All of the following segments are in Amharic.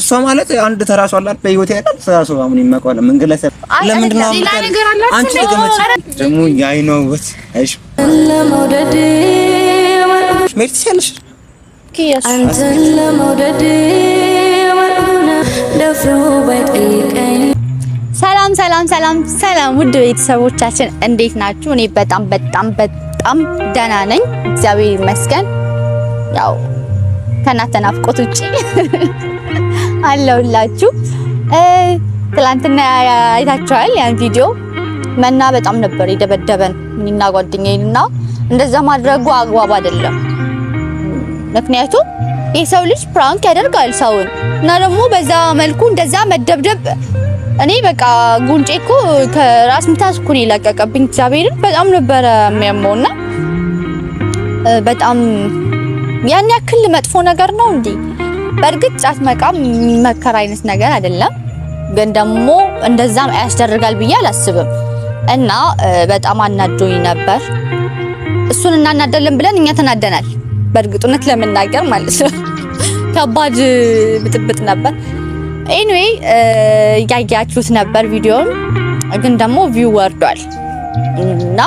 እሷ ማለት አንድ ተራሷ አላት በህይወት ያላት ተራሷ አሁን ይመቀዋል። ምን ግለሰብ ለምንድን ነው አንቺ ልገመች ደግሞ ያይነው ወት አይሽ ለመውደድ ሜርት ትችያለሽ። አንተን ለመውደድ ደፍሮ ባይጠይቀኝ ሰላም ሰላም ሰላም ሰላም፣ ውድ ቤተሰቦቻችን እንዴት ናችሁ? እኔ በጣም በጣም በጣም ደህና ነኝ፣ እግዚአብሔር ይመስገን። ያው ከእናንተ ናፍቆት ውጪ አለውላችሁ። ትላንትና አይታችኋል ያን ቪዲዮ መና በጣም ነበር የደበደበን እኔና ጓደኛዬን እና እንደዛ ማድረጉ አግባብ አይደለም። ምክንያቱም የሰው ልጅ ፕራንክ ያደርጋል ሰውን እና ደግሞ በዛ መልኩ እንደዛ መደብደብ እኔ በቃ ጉንጬ እኮ ከራስ ምታት እኮ ነው የለቀቀብኝ። እግዚአብሔርን በጣም ነበረ የሚያመው እና በጣም ያን ያክል መጥፎ ነገር ነው እንዴ? በእርግጥ ጫት መቃም የሚመከር አይነት ነገር አይደለም፣ ግን ደግሞ እንደዛም ያስደርጋል ብዬ አላስብም እና በጣም አናዶኝ ነበር። እሱን እናናደለን ብለን እኛ ተናደናል። በእርግጡነት ለመናገር ማለት ነው ከባድ ብጥብጥ ነበር። ኤኒዌይ እያያችሁት ነበር ቪዲዮን፣ ግን ደግሞ ቪው ወርዷል እና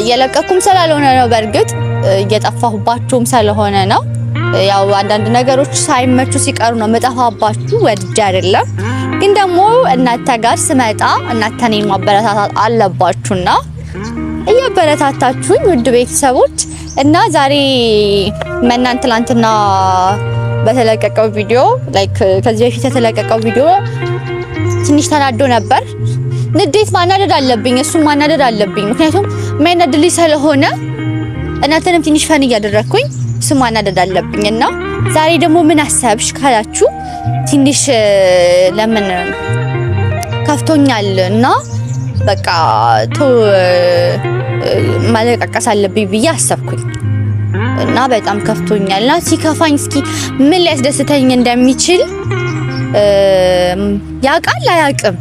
እየለቀኩም ስላልሆነ ነው በእርግጥ እየጠፋሁባችሁም ስለሆነ ነው ያው አንዳንድ ነገሮች ሳይመቹ ሲቀሩ ነው መጠፋባችሁ ወድጄ አይደለም። ግን ደግሞ እናንተ ጋር ስመጣ እናንተ እኔን ማበረታታት አለባችሁና እያበረታታችሁኝ ውድ ቤተሰቦች እና ዛሬ መናን ትላንትና በተለቀቀው ቪዲዮ ላይክ ከዚህ በፊት የተለቀቀው ቪዲዮ ትንሽ ተናዶ ነበር። ንዴት ማናደድ አለብኝ፣ እሱም ማናደድ አለብኝ። ምክንያቱም ማይናደድ ስለሆነ እናንተንም ትንሽ ፈን እያደረግኩኝ ስሟን አደድ አለብኝ እና ዛሬ ደግሞ ምን አሰብሽ ካላችሁ ትንሽ ለምን ከፍቶኛል እና በቃ ቶ ማለቃቀስ አለብኝ ብዬ አሰብኩኝ እና በጣም ከፍቶኛል እና ሲከፋኝ እስኪ ምን ሊያስደስተኝ እንደሚችል ያውቃል አያውቅም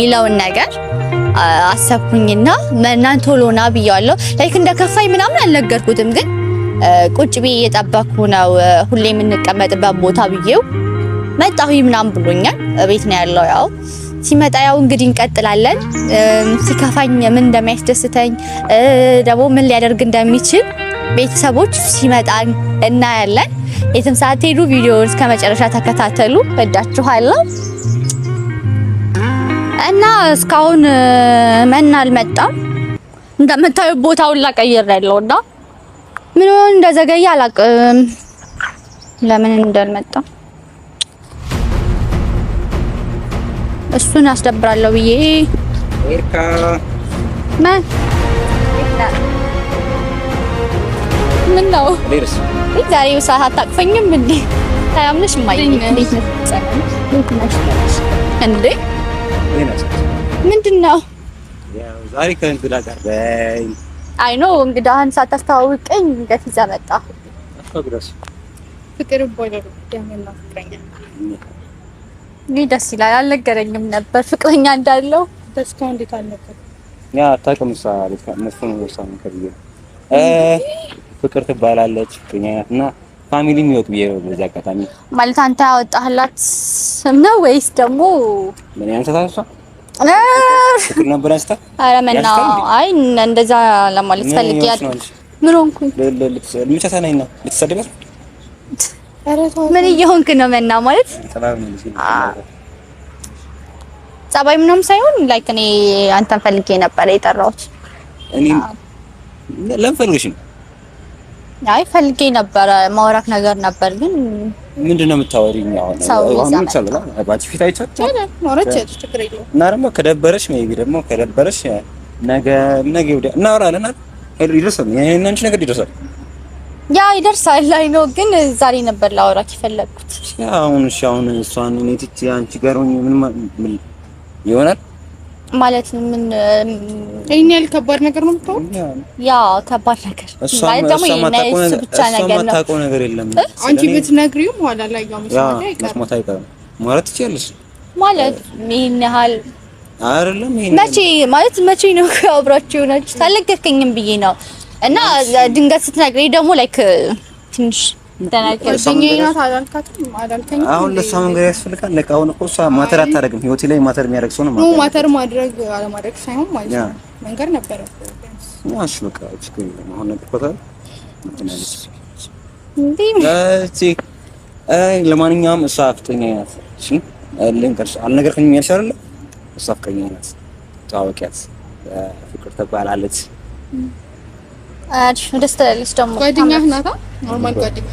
ሚለውን ነገር አሰብኩኝና መናን ቶሎና ብያለሁ። ላይክ እንደ ምናምን አልነገርኩትም ግን ቁጭ ብዬ እየጠበኩ ነው ሁሌ የምንቀመጥበት ቦታ ብዬው መጣሁ ምናምን ብሎኛል። እቤት ነው ያለው ያው ሲመጣ ያው እንግዲህ እንቀጥላለን። ሲከፋኝ ምን እንደሚያስደስተኝ ደግሞ ምን ሊያደርግ እንደሚችል ቤተሰቦች ሲመጣ እናያለን። የትም ሄዱ ቪዲዮውን እስከ መጨረሻ ተከታተሉ። ወዳችኋለሁ እና እስካሁን መና አልመጣም። እንደምታዩ ቦታውን ላቀይር እና ምን ሆን እንደዘገየ አላውቅም። ለምን እንዳልመጣ እሱን አስደብራለሁ ብዬ ወርካ ማን ምን ነው ሪርስ ዛሬ ሰዓት አታቅፈኝም እንዴ? ታያምንሽ ማይ እንዴት እንዴ? ምንድን ነው ዛሬ ከእንግዳ ጋር በይ አይ ኖ እንግዳህን ሳታስተዋውቀኝ እንዴት ይዘህ ፍቅር ይህ ደስ ይላል። አልነገረኝም ነበር ፍቅረኛ እንዳለው ደስታ እንዴት አልነበር ያ አታውቅም። እሷ መስፍን ወሳ ከብዬ ፍቅር ትባላለች እና ፋሚሊ የሚወቅ ብዬ በዚህ አጋጣሚ ማለት አንተ ያወጣህላት ስም ነው ወይስ ደግሞ ምን ያንሰታል እሷ ነበር አንስታ ኧረ መናው አይ እንደዛ ለማለት ፈልጌ ምን ሆንኩኝ? ነው ልትሰድበት ምን እየሆንክ ነው? ማለት ጸባይ ምንም ሳይሆን ላይክ እኔ አንተን ፈልጌ ነበር የጠራሁት። እኔ ለምን ፈልገሽ ነው? አይ ፈልጌ ነበረ ማውራት ነገር ነበር፣ ግን ምንድነው የምታወሪኝ? እና ደግሞ ከደበረሽ ሜቢ ደግሞ ከደበረሽ ነገ ነገ ወዲያ እናወራለን። ይደርሳል፣ አንቺ ነገር ይደርሳል፣ ያ ይደርሳል ላይ ነው። ግን ዛሬ ነበር ላወራክ የፈለግኩት። አሁን እሺ፣ አሁን እሷን እኔ ትቼ አንቺ ጋር ሆኜ ምን ይሆናል ማለት ምን ይሄን ያህል ከባድ ነገር ነው የምታወራው? ያ ከባድ ነገር ማለት ደግሞ የእሱ ብቻ ነገር ነው። ታውቀው ነገር የለም አንቺ ብትነግሪው ኋላ ላይ ያው መስማት አይቀርም ማለት ትችያለሽ። ማለት ይሄን ያህል አይደለም። ይሄን መቼ ማለት መቼ ነው አብራችሁ የሆናችሁት? አልነገርከኝም ብዬ ነው እና ድንገት ስትነግሪኝ ደግሞ ላይክ ትንሽ አሁን ለእሷ መንገድ ያስፈልጋል። ለካ አሁን እኮ እሷ ማተር አታደርግም። ህይወት ላይ ማተር የሚያደርግ ሰው ነው ማለት ነው። ማተር ማድረግ አለማድረግ ሳይሆን ማለት ነው መንገድ ነበረ። እሺ በቃ ችግር የለም። አሁን ነግሬያታለሁ። ለማንኛውም እሷ ፍቅረኛ ናት። እሺ ልንገርሽ፣ አልነገርከኝም ያልሽ አይደለ? እሷ ፍቅረኛ ናት። ተዋወቂያት። ፍቅር ተባላለች ደስ ትላለች። ደግሞ ጓደኛህ ኖርማል ጓደኛ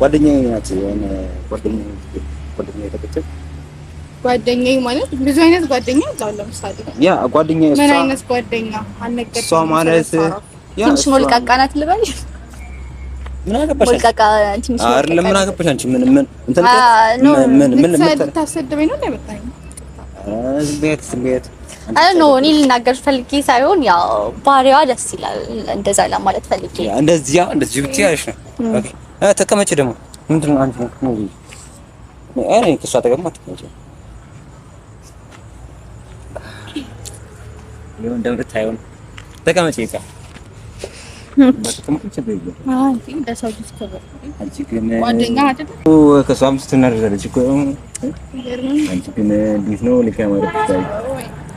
ጓደኛዬ ናት። የሆነ ጓደኛዬ የተቀጨች ጓደኛዬ ማለት ብዙ አይነት ጓደኛ ለምሳሌ ያ ምን አይነት ጓደኛ አልነገርኩህም። እሷ ማለት ያ ትንሽ ሞልቃቃ ናት ልበል። ምን አገባሽ ምን ምን ምን ምን ምን ምን ኖ እኔ ልናገር ፈልጌ ሳይሆን ያው ባህሪዋ ደስ ይላል። እንደዛ ለማለት ፈልጌ እንደዚያ እንደዚህ ብቻ ያሽ ነው። ኦኬ ተቀመጭ። ደግሞ ምንድን ነው አንቺ ነው እኔ ከሷ ተቀመጥ አትቀመጭ። እንደምታየው ተቀመጭ። ይካ ከሷም ስትናደዳለች እኮ አንቺ ግን እንዴት ነው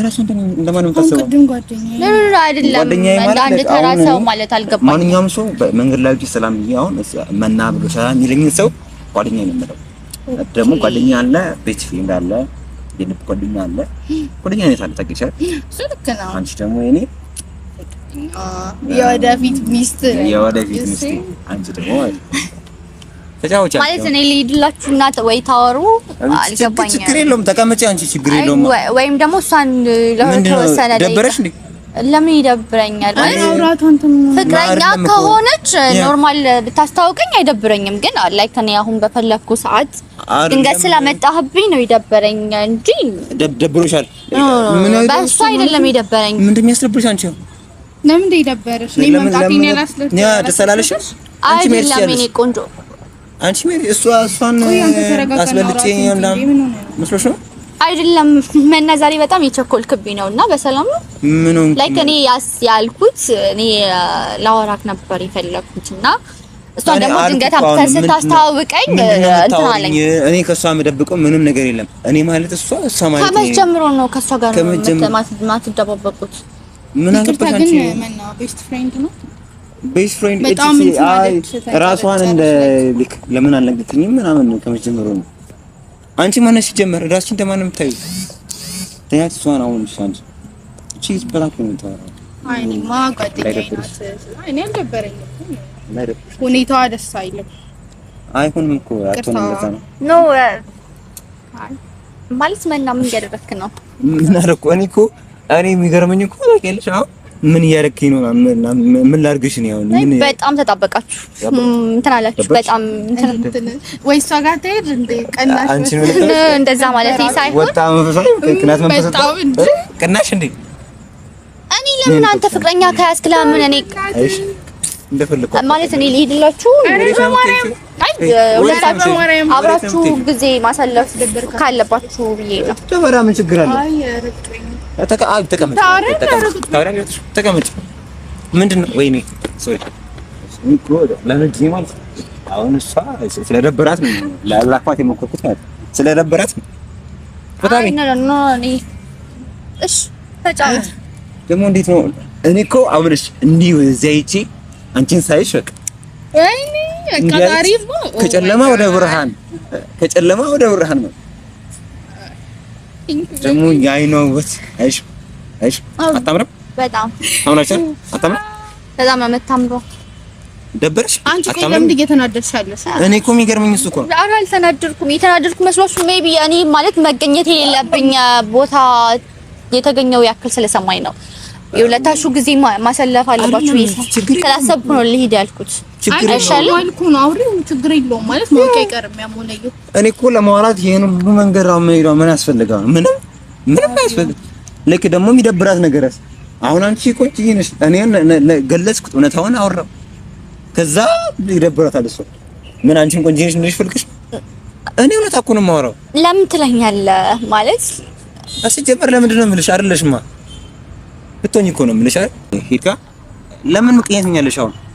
እራሱ እንደማንም ታስበው ማንኛውም ሰው መንገድ ላይ ሰላም ይያውን መና ብሎ ሰላም ይለኝ ሰው ጓደኛ ነው የምለው። ደግሞ ጓደኛ አለ፣ ቤት ፍሬንድ አለ፣ የልብ ጓደኛ አለ። ጓደኛ ነው ታለ ታገቻል። እሱ ነው። አንቺ ደግሞ የኔ የወደፊት ሚስት የወደፊት ሚስት አንቺ ደግሞ ተጫውቻ ማለት እኔ ልሂድላችሁና ወይ ታወሩ አልገባኝም። ችግር የለውም ተቀመጪ፣ አንቺ ችግር የለውም። ወይም ደግሞ እሷን ለተወሰነ ደብረሽ እንዴ? ለምን ይደብረኛል? ፍቅረኛ ከሆነች ኖርማል ብታስታውቀኝ አይደብረኝም። ግን ላይክ እኔ አሁን በፈለግኩ ሰዓት ድንገት ስላመጣህብኝ ነው ይደብረኝ እንጂ ደብሮሻል። በእሱ አይደለም ይደብረኝ። ምን እንደሚያስደብርሽ አንቺ ለምን እንደይደብረሽ እኔ መምጣቴን ያላስለሽ ያ ደስ አላለሽ? አይደለም እኔ ቆንጆ አንቺ ሜሪ እሷ እሷን አስበልጬ መስሎሽ ነው? አይደለም መና ዛሬ በጣም የቸኮልክብኝ ነው። እና በሰላም ነው ምን ነው ላይክ እኔ ያስ ያልኩት እኔ ላወራክ ነበር የፈለኩት እና እሷ ደግሞ ድንገት አብተን ስታስተዋውቀኝ እንትን አለኝ። እኔ ከእሷ የምደብቀው ምንም ነገር የለም። እኔ ማለት እሷ እሷ ማለት ነው። ከመቼ ጀምሮ ነው ከእሷ ጋር ነው ማትደባበቁት? ምን አገባሽ አንቺ? መና ቤስት ፍሬንድ ነው ቤስት ፍሬንድ እቺ አይ ራሷን እንደ ልክ ለምን አልነገርኩኝም ምናምን ከመጀመሩ ነው። አንቺ ማነሽ ሲጀመር ራስሽን እንደማንም ታዩ ታያት እሷን አሁን እሷን እቺ ነው በጣም ሁኔታዋ ደስ አይልም። አይሆንም እኮ አትሆንም። እንደዛ ነው ኖ ማለት መና ምን እያደረክ ነው? ምን አደረኩ እኔ እኮ እኔ የሚገርመኝ እኮ ታውቂያለሽ አሁን ምን እያደረግኝ ነው? ምን ላድርግሽ ነው? አሁን በጣም ተጣበቃችሁ እንትን አላችሁ። በጣም ወይ እሷ ጋር ትሄድ እንደ ቀናሽ እንደዛ ማለት ሳይሆን ቀናሽ እንዴ? እኔ ለምን አንተ ፍቅረኛ ከያዝክ ለምን እኔ ማለት እኔ ልሄድላችሁ አብራችሁ ጊዜ ማሳለፍ ካለባችሁ ብዬ ነው። ምን ችግር አለ? ተቀመጭ። ምንድን ነው? ወይኔ ሶሪ አሁን እሷ ስለደበራት ነው ላላኳት የሞከርኩት ማለት ስለደበራት ነው። በጣም እሺ፣ ተጫወት ደግሞ እንዴት ነው? እኔ እኮ አሁን እሺ፣ እንዲህ እዚያ አንቺን ሳይሽ በቃ ወይኔ ከጨለማ ወደ ብርሃን ከጨለማ ወደ ብርሃን ነው ደግሞ የአይኗ ውበት አይሽ አይሽ አታምርም? በጣም አምናችሁ አታምርም? በጣም የምታምሩ ደበረሽ። አንቺ ቆይ ለምን እየተናደድሻለሽ? እኔ እኮ የሚገርመኝ እሱ እኮ ኧረ አልተናደድኩም። የተናደድኩ መስሏችሁ? ሜይ እኔ ማለት መገኘት የሌለብኝ ቦታ የተገኘው ያክል ስለሰማኝ ነው። የሁለታችሁ ጊዜ ማሰለፍ አለባችሁ ስላሰብኩ ነው ልሂድ ያልኩት። ችግር የለውም። እኮ ለማውራት ይሄን ሁሉ መንገድ መሄዷ ምን ያስፈልጋል? ምንም ምንም አያስፈልግም። ልክ ደግሞ የሚደብራት ነገር አሁን አንቺ ቆንጅዬ እኔ ገለጽኩት፣ እውነታውን ከዛ ይደብራታል እሷ ምን አንቺን ነሽ እኔ እውነት እኮ ነው የማወራው። ለምን ትለኛለህ ማለት ሲጀመር ለምንድን ነው የምልሽ? አይደለሽማ ብትሆኝ እኮ ነው የምልሽ አይደል? ለምን ምክንያት ሆኛለሽ አሁን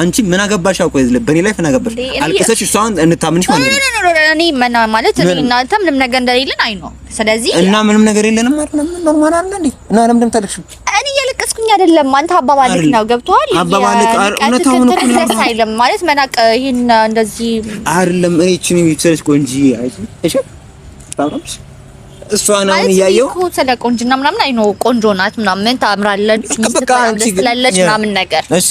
አንቺ ምን አገባሽ? አውቆ በኔ ላይ ምን አገባሽ? አልቅሰሽ እሷን እንታምንሽ ማለት ነው። ኖ ኖ ኖ ኖ እኔ ማለት እኔ እናንተ ምንም ነገር እንደሌለን አይ ነው። ስለዚህ እና ምንም ነገር የለንም ማለት ነው። ኖርማል አለ እንዴ? እና ለምን ታለቅሽ? እኔ እያለቀስኩኝ አይደለም። አንተ አባባልክ ነው ገብቷል። አባባልክ እውነታውን እኮ ነው አይደለም ማለት መናቀ ይሄን እንደዚህ አይደለም። እኔ እቺ ነው ይብሰልሽ ቆንጂ አይ እሺ ታውቃለሽ እሷ ነው እያየው እኮ ስለ ቆንጅና ምናምን አይ ነው ቆንጆ ናት ምናምን ታምራለች፣ ስላለች ምናምን ነገር እሺ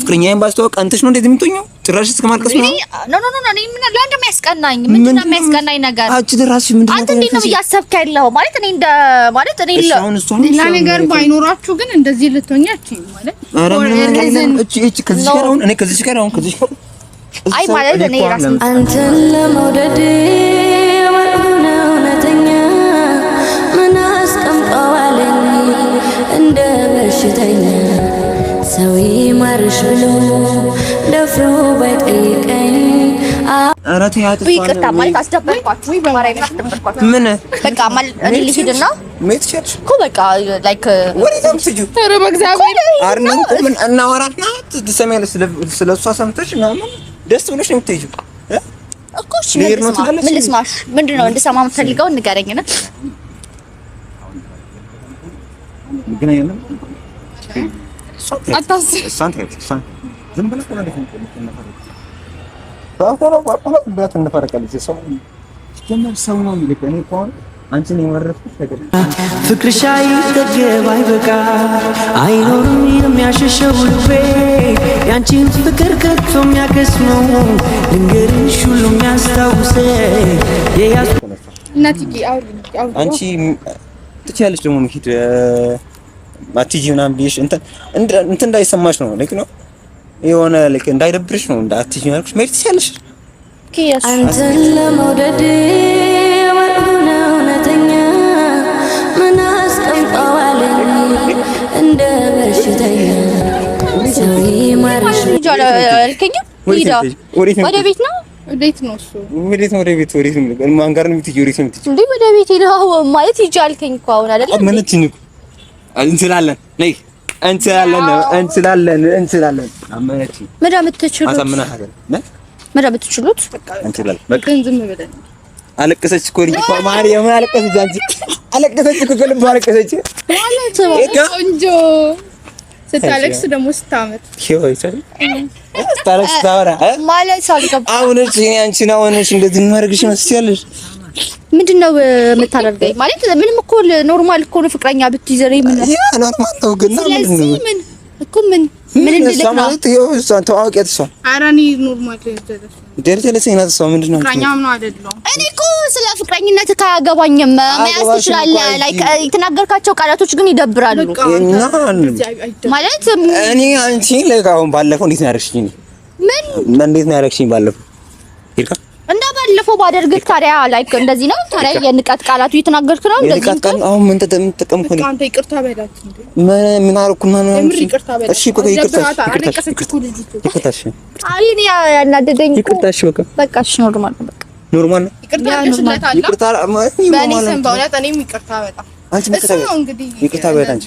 ፍቅረኛዬን ባስተዋወቅ ቀንተሽ ነው እንደዚህ የምትሆኚው? ጭራሽ እስከ ማልቀስ ነው። ኖ ኖ ኖ ኖ ምን ለአንድ የሚያስቀናኝ ምን ነው የሚያስቀናኝ ነገር አንቺ ድራሽ ምንድን ነው አንተ እንዴት ነው እያሰብክ ያለው ማለት እኔ እንደ ማለት እኔ ሌላ ነገር ባይኖራችሁ ግን እንደዚህ ልትሆኛች ማለት ነው አረ ምን እቺ እቺ ከዚህ ጋር አሁን እኔ ከዚህ ጋር አሁን ከዚህ ጋር አይ ማለት እኔ ራስ አንተን ለመውደድ ምን አስቀምጠዋለኝ እንደ በሽተኛ ሰው ይማርሽ ብሎ ደፍሮ ባይጠይቀኝ ይቅርታ ማለት አስደበርኳችሁ። ምን በቃ ማለት እኔ እኮ በቃ ላይክ እናወራና ትሰሚያለሽ። ስለ እሷ ሰምተሽ ምናምን ደስ ብሎሽ ነው የምትሄጂው እኮ። እሺ ምን ልስማሽ? ምንድን ነው እንድሰማ የምትፈልገው? ንገረኝ ነው ፍቅርሽ አይጠገብ አይበቃ አይኖርም የሚያሸሸው ልቤ ያንቺን ፍቅር ከቶ የሚያገስመው ልንገርሽ ሁሉ የሚያስታውሰ የያዙ አንቺ ትችያለሽ ደግሞ መሄድ አትሂጂ ምናምን ብዬሽ እንትን እንትን እንዳይሰማሽ ነው ልክ ነው የሆነ ልክ እንዳይደብርሽ ነው እንደ አትሂጂ ያልኩሽ መሄድ ትችያለሽ። አንተን ለመውደድ የሆነ እውነተኛ ምን አስቀምጠዋል እንደ በሽተኛ አልከኝም ሂዳ ወደ ቤት ነው ቤት ነው እሱ? ነው? ወደ ቤት ነው? ነው ነው ወደ ቤት ማለት ሂጂ አልከኝ እኮ አሁን አይደለም እንችላለን ነይ እንችላለን እንችላለን እንችላለን። አመነች መዳም ትችሉት አሳምና ሀገር ነህ መዳም ትችሉት እንችላለን። በቃ ዝም ብለን አለቀሰች እኮ ልጅቷ ማርያም አለቀሰች። አንቺ አለቀሰች እኮ ከልብ አለቀሰች። ቆንጆ ስታለቅስ ደግሞ ስታመት ስታለቅስ ታወራ ማለት አልገባም። አሁንስ እኔ አንቺን አሁንስ እንደዚህ ማድረግሽ መስያለሽ ምንድን ነው የምታደርገኝ? ማለት ምንም እኮ ኖርማል እኮ ነው ፍቅረኛ ብትይዘሪ ምን ያ ኖርማል ነው። ግን ነው ምን እኮ ምን ምን እንደልክ ነው ማለት ይሄው እሷን ተዋውቂያት። እሷ ኧረ እኔ ኖርማል እኔ እኮ ስለ ፍቅረኝነት ካገባኝም መያዝ ትችላለህ። ላይክ የተናገርካቸው ቃላቶች ግን ይደብራሉ። እና ማለት እኔ አንቺ ለካሁን ባለፈው እንዴት ነው ያደረግሽኝ? ምን እንዴት ነው ያደረግሽኝ ባለፈው እንደ ባለፈው ባደርግ ታዲያ ላይክ እንደዚህ ነው ታዲያ የንቀት ቃላቱ እየተናገርክ ነው እንደዚህ ነው አሁን ምን ይቅርታ በላት ምን እሺ ይቅርታ በላት እሺ ይቅርታ እሺ ያናደደኝ ይቅርታ እሺ በቃ በቃ እሺ ኖርማል ነው በቃ ኖርማል ነው ይቅርታ ይቅርታ ማለት ነው ይቅርታ አንቺ ይቅርታ በላት አንቺ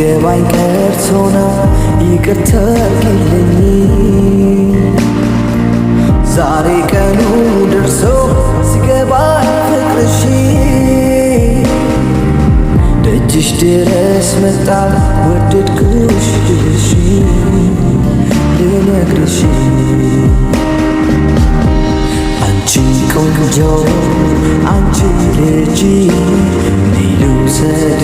ሊገባኝ ቀርቶና ይቅርታ አድርግልኝ ዛሬ ቀኑ ደርሶ ሲገባኝ ፍቅርሽ ደጅሽ ድረስ መጣሁ ወደድኩሽ ልልሽ ልነግርሽ አንቺ ቆንጆ አንቺ ልጅ ሊሉ ሰድ